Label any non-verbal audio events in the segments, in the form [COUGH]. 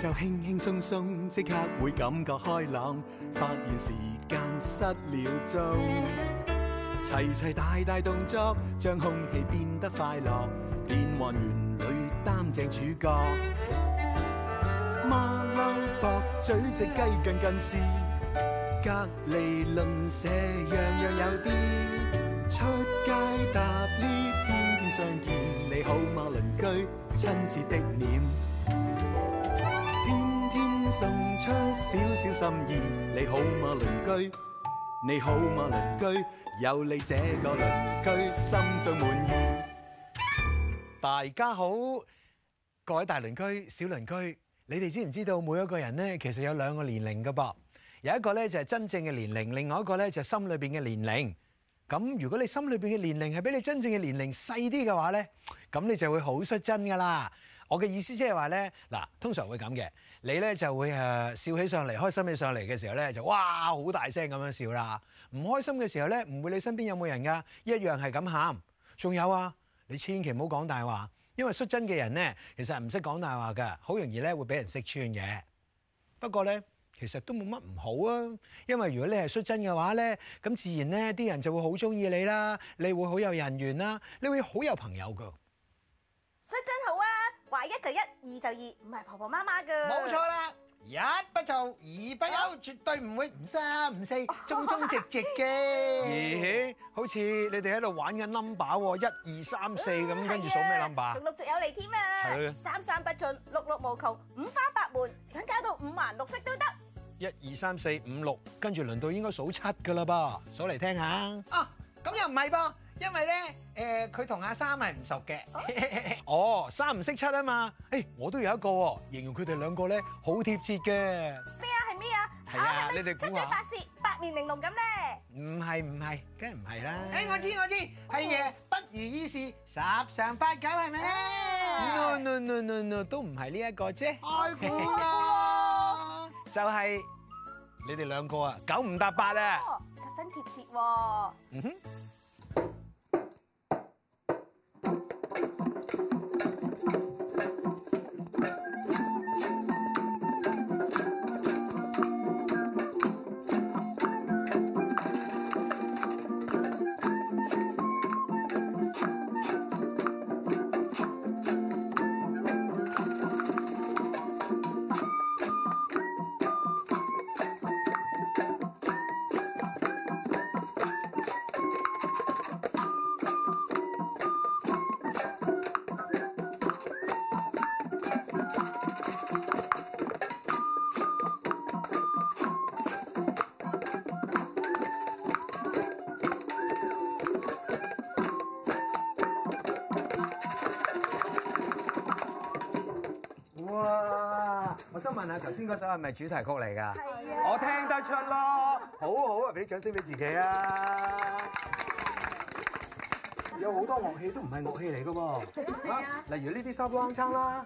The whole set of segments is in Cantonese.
就輕輕鬆鬆，即刻會感覺開朗，發現時間失了蹤。齊齊大大動作，將空氣變得快樂，變幻園裏擔正主角。馬騮駁嘴，隻雞近近視，隔籬鄰舍樣樣有啲。出街搭 𨋢 天天相見，你好嗎？鄰居親切的臉。送出少少心意，你好嗎，鄰居？你好嗎，鄰居？有你這個鄰居，心中滿意。大家好，各位大鄰居、小鄰居，你哋知唔知道每一個人呢，其實有兩個年齡噶噃？有一個呢就係真正嘅年齡，另外一個呢就係心裏邊嘅年齡。咁如果你心裏邊嘅年齡係比你真正嘅年齡細啲嘅話呢，咁你就會好率真噶啦。我嘅意思即係話咧，嗱，通常會咁嘅，你咧就會誒笑起上嚟，開心起上嚟嘅時候咧就哇好大聲咁樣笑啦。唔開心嘅時候咧，唔會你身邊有冇人噶，一樣係咁喊。仲有啊，你千祈唔好講大話，因為率真嘅人咧其實係唔識講大話噶，好容易咧會俾人識穿嘅。不過咧，其實都冇乜唔好啊，因為如果你係率真嘅話咧，咁自然咧啲人就會好中意你啦，你會好有人緣啦，你會好有朋友噶。率真好啊！話一就一，二就二，唔係婆婆媽媽噶。冇錯啦，一不做二不休，絕對唔會唔三唔四，忠忠直直嘅。咦？好似你哋喺度玩緊 number 喎，一二三四咁，跟住數咩 number 啊？陸續有嚟添啊！係咯，三三不盡，六六無窮，五花八門，想搞到五顏六色都得。一二三四五六，跟住輪到應該數七噶啦噃，數嚟聽下。啊，咁又唔係噃？因為咧，誒，佢同阿三係唔熟嘅。哦，三唔識七啊嘛。誒，我都有一個，形容佢哋兩個咧，好貼切嘅。咩啊？係咩啊？係啊，你哋估啊？七嘴八舌，八面玲瓏咁咧。唔係唔係，梗係唔係啦。誒，我知我知，係嘢不如意事十常八九係咪咧？No no no no no，都唔係呢一個啫。愛虎咯，就係你哋兩個啊，九唔搭八啊，十分貼切喎。嗯哼。我想問下頭先嗰首係咪主題曲嚟㗎？我聽得出咯，好好啊！俾啲掌聲俾自己啊！有好多樂器都唔係樂器嚟㗎喎，例如呢啲沙煲罌罉啦，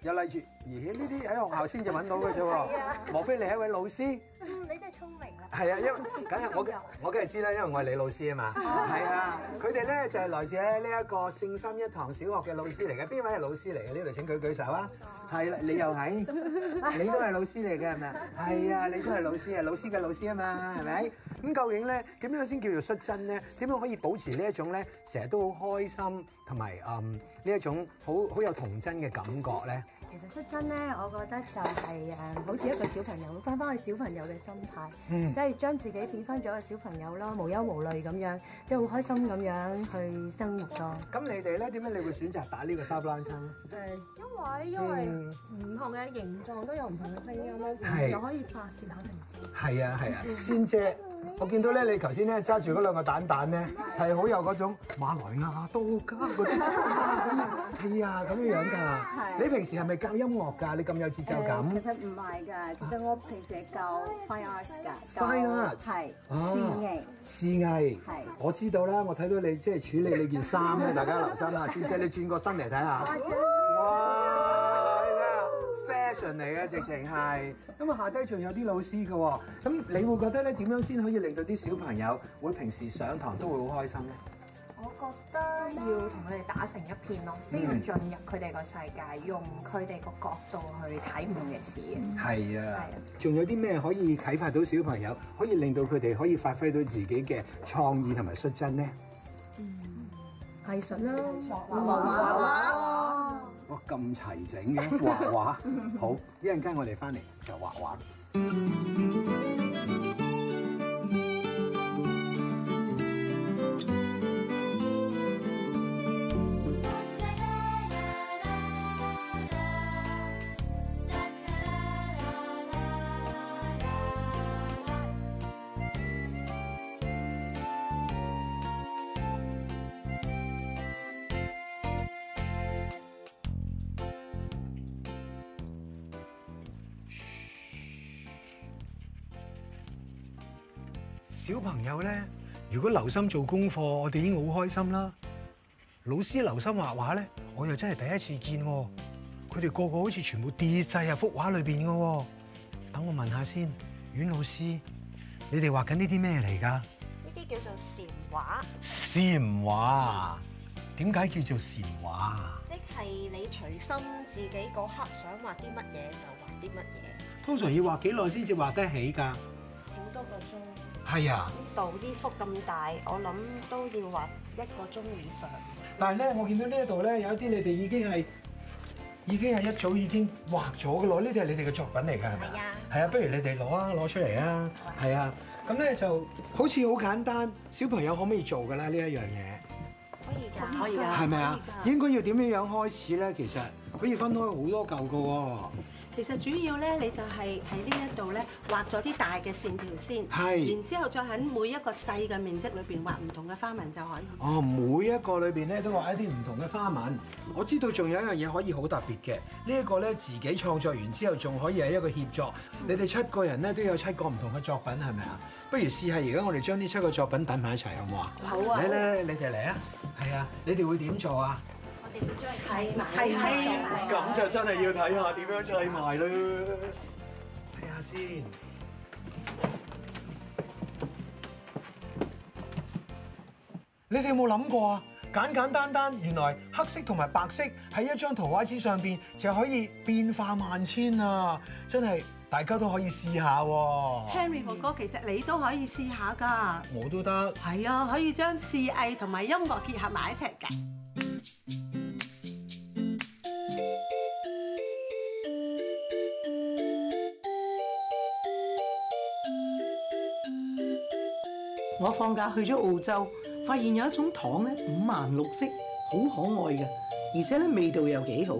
又例如而起呢啲喺學校先至揾到㗎啫喎。莫非你係一位老師？嗯，你真係聰明啊！係啊，因。梗係我嘅，我梗係知啦，因為我係李老師啊嘛，係 [LAUGHS] 啊，佢哋咧就係、喺、來自呢一個聖心一堂小學嘅老師嚟嘅，邊位係老師嚟嘅？呢度請舉舉手啊！係啦， [LAUGHS] 你又係， [LAUGHS] 你都係老師嚟嘅係咪啊？係啊，你都係老師啊，老師嘅老師啊嘛，係咪？咁究竟咧點樣先叫做率真咧？點樣可以保持呢一種咧成日都好開心同埋嗯呢一種好好有童真嘅感覺咧？其實説真咧，我覺得就係誒，好似一個小朋友，翻返去小朋友嘅心態，即係將自己變翻咗個小朋友咯，無憂無慮咁樣，即係好開心咁樣去生活咯。咁你哋咧點解你會選擇打呢個沙巴蘭餐咧？誒，因為因為唔同嘅形狀都有唔同嘅聲音咁樣，又可以發洩合成物。係啊係啊，仙姐，我見到咧你頭先咧揸住嗰兩個蛋蛋咧，係好有嗰種馬來亞度假嗰啲咁啊，係啊咁樣樣㗎。係。你平時係咪？教音樂㗎，你咁有節奏感。呃、其實唔係㗎，其實我平時教 fine arts 㗎教。Fine arts 係視藝。視藝，啊、是我知道啦，我睇到你即係、就是、處理你件衫咧， [LAUGHS] 大家留心啊！小 [LAUGHS] 姐，姐，你轉個身嚟睇下。 [LAUGHS] 哇！Fashion 嚟嘅，直情係。咁啊，下低仲有啲老師㗎喎。咁你會覺得咧，點樣先可以令到啲小朋友會平時上堂都會好開心咧？要同佢哋打成一片咯，即係要進入佢哋個世界，用佢哋個角度去睇唔同嘅事。係啊，係啊，仲有啲咩可以啟發到小朋友，可以令到佢哋可以發揮到自己嘅創意同埋率真咧？藝術啦，畫畫畫，畫畫，哇咁齊整嘅畫畫，畫畫 [LAUGHS] 好一陣間我哋翻嚟就畫畫。小朋友咧，如果留心做功課，我哋已經好開心啦。老師留心畫畫咧，我又真係第一次見。佢哋個個好似全部跌晒入幅畫裏邊嘅。等我問下先，阮老師，你哋畫緊呢啲咩嚟㗎？呢啲叫做禪畫。禪畫啊？點解叫做禪畫啊？即係你隨心自己嗰刻想畫啲乜嘢就畫啲乜嘢。通常要畫幾耐先至畫得起㗎？好多個鐘。係啊！呢度啲幅咁大，我諗都要畫一個鐘以上。但係咧，我見到呢一度咧，有一啲你哋已經係已經係一早已經畫咗嘅喇，呢啲係你哋嘅作品嚟㗎，係咪啊？係啊，不如你哋攞啊，攞出嚟啊，係啊。咁咧就好似好簡單，小朋友可唔可以做㗎啦？呢一樣嘢可以㗎，可以㗎，係咪啊？是是應該要點樣樣開始咧？其實可以分開好多嚿㗎喎。其實主要咧，你就係喺呢一度咧畫咗啲大嘅線條先，係，然之後再喺每一個細嘅面積裏邊畫唔同嘅花紋就可以。哦，每一個裏邊咧都畫一啲唔同嘅花紋。我知道仲有一樣嘢可以好特別嘅，呢一個咧自己創作完之後仲可以係一個協作。你哋七個人咧都有七個唔同嘅作品係咪啊？不如試下而家我哋將呢七個作品揼埋一齊好唔好啊嚟？好啊！嚟嚟嚟，你哋嚟啊！係啊，你哋會點做啊？你係，係咁就真係要睇下點樣砌埋啦。睇下先，你哋有冇諗過啊？簡簡單單，原來黑色同埋白色喺一張圖畫紙上邊就可以變化萬千啊！真係大家都可以試下。Henry 哥哥，其實你都可以試下噶。我都得。係啊，可以將視藝同埋音樂結合埋一齊噶。我放假去咗澳洲，發現有一種糖咧五顏六色，好可愛嘅，而且咧味道又幾好，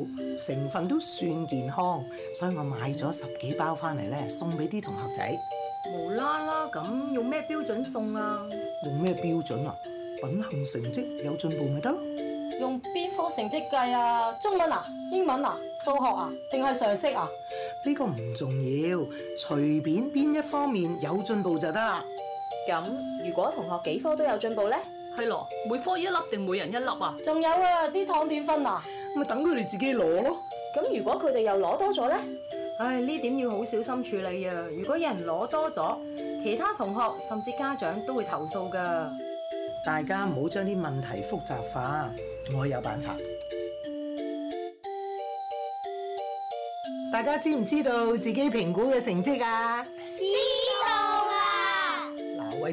成分都算健康，所以我買咗十幾包翻嚟咧，送俾啲同學仔。無啦啦咁用咩標準送啊？用咩標準啊？品行成績有進步咪得咯？用邊科成績計啊？中文啊？英文啊？數學啊？定係常識啊？呢個唔重要，隨便邊一方面有進步就得啦。咁如果同學幾科都有進步呢？係咯，每科一粒定每人一粒啊？仲有啊，啲糖點分啊？咪等佢哋自己攞咯。咁如果佢哋又攞多咗呢？唉，呢點要好小心處理啊！如果有人攞多咗，其他同學甚至家長都會投訴㗎。大家唔好將啲問題複雜化，我有辦法。大家知唔知道自己評估嘅成績啊？知。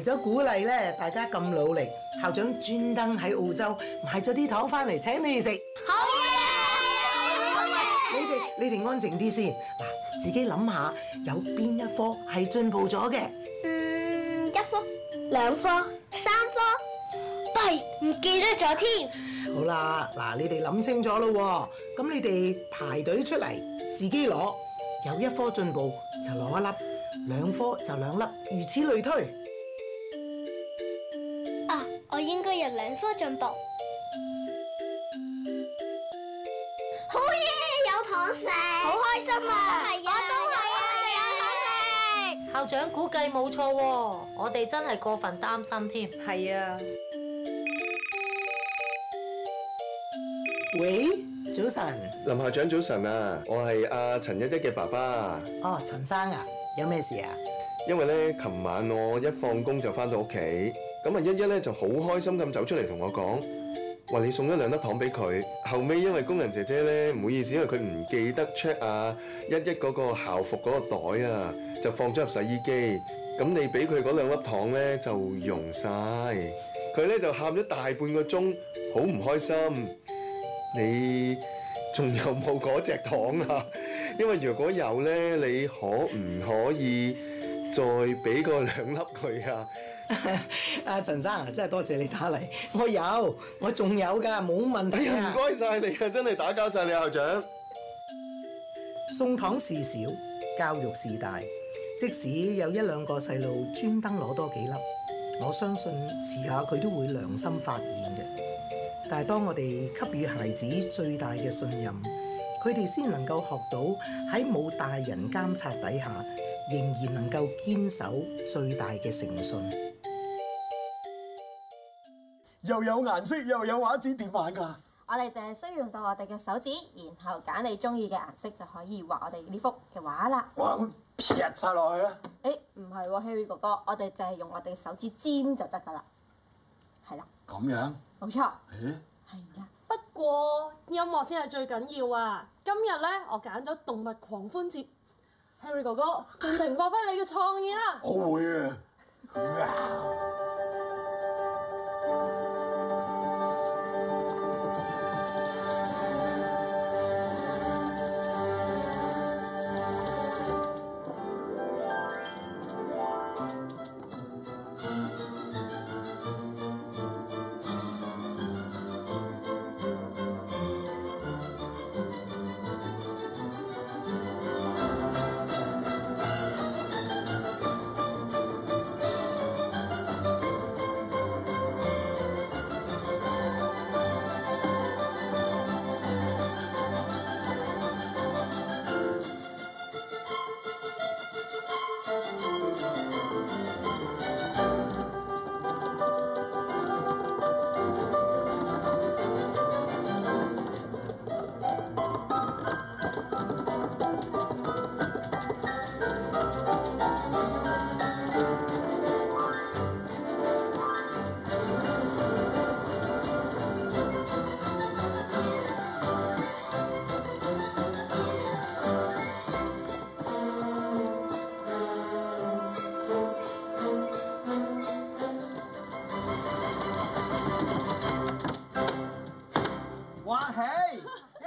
為咗鼓勵咧，大家咁努力，校長專登喺澳洲買咗啲糖翻嚟，請你哋食。好嘅，好嘅。你哋你哋安靜啲先，嗱，自己諗下有邊一科係進步咗嘅。嗯，一科、兩科、三科，弊，唔記得咗添。好啦，嗱，你哋諗清楚咯，咁你哋排隊出嚟，自己攞，有一科進步就攞一粒，兩科就兩粒，如此類推。應該有兩科進步，好嘢有糖食，好開心啊！係啊，都係啊，我哋有糖食。校長估計冇錯，我哋真係過分擔心添。係啊。喂，早晨，林校長早晨啊，我係阿陳一一嘅爸爸。哦，陳生啊，有咩事啊？因為咧，琴晚我一放工就返到屋企。咁啊一一咧就好開心咁走出嚟同我講，話你送咗兩粒糖俾佢。後尾因為工人姐姐咧唔好意思，因為佢唔記得 check 啊一一嗰個校服嗰個袋啊，就放咗入洗衣機。咁你俾佢嗰兩粒糖咧就溶晒。佢咧就喊咗大半個鐘，好唔開心。你仲有冇嗰隻糖啊？因為如果有咧，你可唔可以再俾個兩粒佢啊？阿陳 [LAUGHS] 生真係多謝你打嚟，我有，我仲有噶，冇問題啊！唔該晒你啊，真係打攪晒你校長。送糖事小，教育事大。即使有一兩個細路專登攞多幾粒，我相信遲下佢都會良心發現嘅。但係當我哋給予孩子最大嘅信任，佢哋先能夠學到喺冇大人監察底下，仍然能夠堅守最大嘅誠信。又有顏色又有畫紙點玩噶？我哋淨係需要用到我哋嘅手指，然後揀你中意嘅顏色就可以畫我哋呢幅嘅畫啦。哇，咁撇晒落去咧？誒、欸，唔係，Harry 哥哥，我哋淨係用我哋嘅手指尖就得噶啦。係啦。咁樣？冇錯。係啊。不過音樂先係最緊要啊！今日咧，我揀咗動物狂歡節，Harry 哥哥盡情發揮你嘅創意啦！我會啊。 [LAUGHS]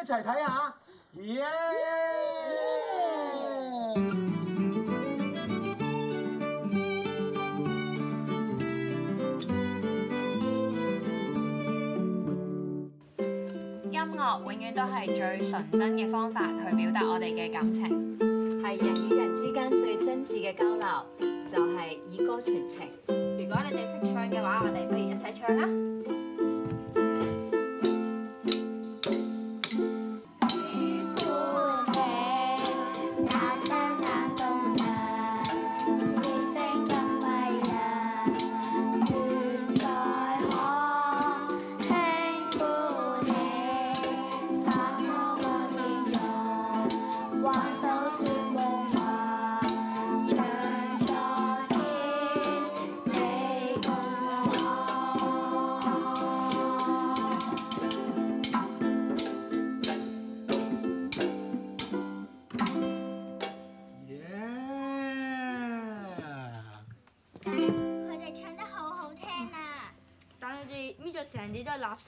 一齊睇下，耶、yeah!！Yeah! Yeah! 音樂永遠都係最純真嘅方法去表達我哋嘅感情，係人與人之間最真摯嘅交流，就係、是、以歌傳情。如果你哋識唱嘅話，我哋不如一齊唱啦！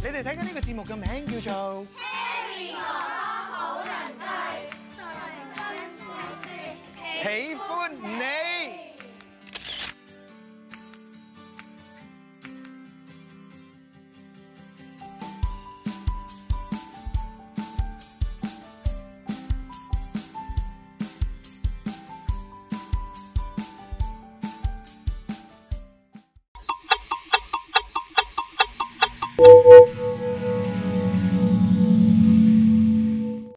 你哋睇緊呢個節目嘅名叫做《Harry 哥哥好鄰居》，純真故事，喜歡你。